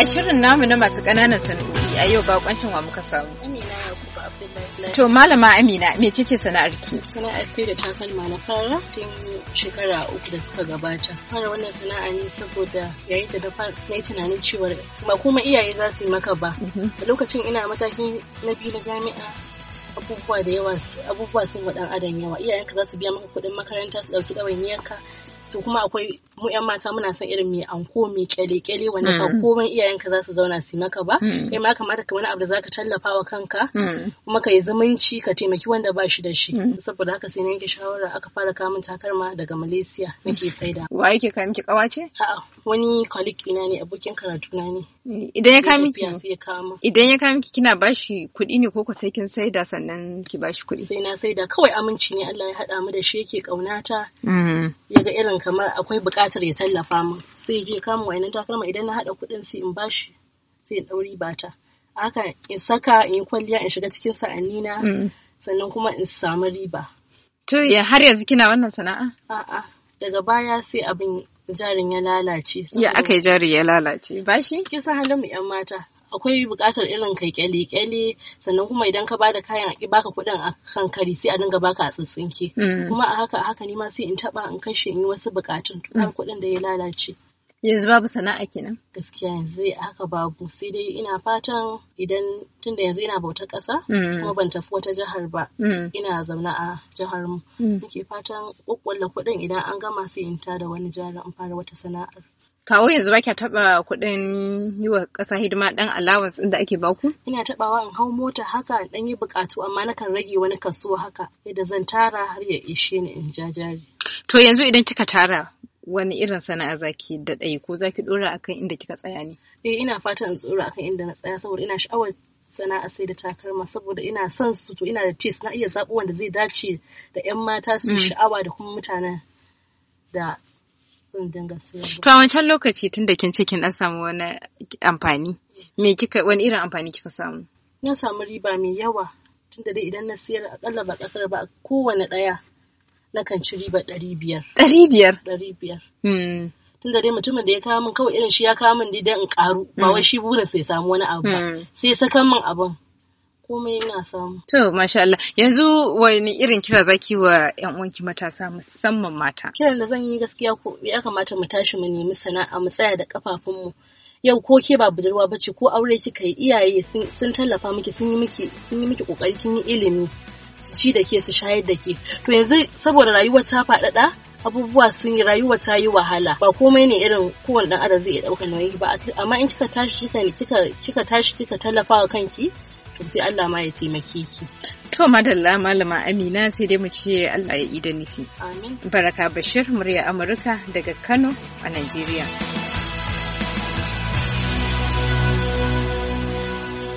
A shirin namu na masu ƙananan sana'o'i a yau bakoncin wa muka samu. Amina Yakubu Abdullahi. To malama Amina mecece sana'ar ki? Sana'ar da takalma na fara tun shekara uku da suka gabata. Fara wannan sana'a ne saboda yayin da na yi tunanin cewa ba kuma iyaye za su yi maka ba. Mm-hmm. A lokacin ina mataki na biyu na jami'a abubuwa da yawa abubuwa sun wa adam yawa iyayenka za su biya maka kuɗin makaranta su ɗauki ɗawainiyarka to kuma akwai mu yan mata muna son irin mai anko mai kyale-kyale wanda ba mm. komai iyayenka za su zauna su maka ba mm. kai ma kamata ka wani abu da za ka tallafa wa kanka mm. kuma ka yi zumunci ka taimaki wanda ba shi da shi saboda haka sai na yanke shawara aka fara kamun takarma daga malaysia nake saida wa yake kayan ki kawace a'a wani colleague ina ne abokin karatu na ne idan ya kama miki idan ya kama miki kina bashi kuɗi ne ko ko sai kin saida sannan ki bashi kuɗi sai na saida kawai aminci ne Allah ya haɗa mu da shi yake kaunata ga irin kamar akwai buƙatar buƙatar ya tallafa min sai je kama wayannan takalma idan na haɗa kuɗin sai in bashi sai in ɗauri ba ta. haka in saka in yi kwalliya in shiga cikin sa'anni na mm. sannan kuma in samu riba. To ya har yanzu kina wannan sana'a? A'a daga baya sai abin jarin ya lalace. Ya aka yi jari ya lalace Bashi kin Kisa halin mu 'yan mata akwai buƙatar irin kai kyale-kyale sannan kuma idan ka bada kayan a baka kuɗin a kan kari sai a dinga baka a tsintsinke mm. kuma a haka haka ni ma sai in taɓa in kashe in yi wasu buƙatun har mm. kuɗin da ya lalace yanzu babu sana'a kenan gaskiya yanzu haka babu sai dai ina fatan idan tunda yanzu ina bauta ƙasa mm. kuma ban tafi wata jihar ba ina zaune a jihar mu nake fatan kokkwalla kuɗin idan an gama sai in tada wani jihar in fara wata sana'ar kawo yanzu ba kya taɓa kuɗin yi wa ƙasa hidima ɗan allowance inda da ake baku? Ina taɓawa in hau mota haka in ɗan yi buƙatu amma na kan rage wani kaso haka yadda zan tara har ya ishe ni in ja To yanzu idan kika tara wani irin sana'a zaki da ɗaya ko zaki ɗora akan inda kika tsaya ne? Eh ina fatan in tsora akan inda na tsaya saboda ina sha'awar sana'a sai da takalma saboda ina son su to ina da taste na iya zaɓo wanda zai dace da 'yan mata su mm. sha'awa da kuma mutanen da To a wancan lokaci tun da kin ce kin dan samu wani amfani me kika wani irin amfani kika samu? Na samu riba mai yawa tun da dai idan na siyar akalla ba kasar ba kowane daya kan ci riba ɗari biyar. Ɗari biyar? Ɗari biyar. Hmm. Tun da dai mutumin da ya kawo min kawai irin shi ya kawo min dai in ƙaru ba wai hmm. shi burin sai samu wani abu ba hmm. sai sakan min abun komai ina samu. To masha Allah yanzu wani irin kira zaki wa yan uwanki matasa musamman mata. Kiran da zan yi gaskiya ko ya kamata mu tashi mu nemi sana'a mu tsaya da kafafun mu Yau ko ke ba budurwa bace ko aure kika yi iyaye sun tallafa miki sun yi miki sun yi miki kokari kin yi ilimi su ci da ke su shayar da ke. To yanzu saboda rayuwar ta faɗaɗa abubuwa sun yi rayuwa ta yi wahala ba komai ne irin kowane dan adam zai iya dauka nauyi ba amma in kika tashi kika kika kika tashi kika tallafa wa kanki to sai Allah ma ya taimake ki to madalla malama amina sai dai mu ce Allah ya yi da nufi amin baraka bashir murya amurka daga kano a najeriya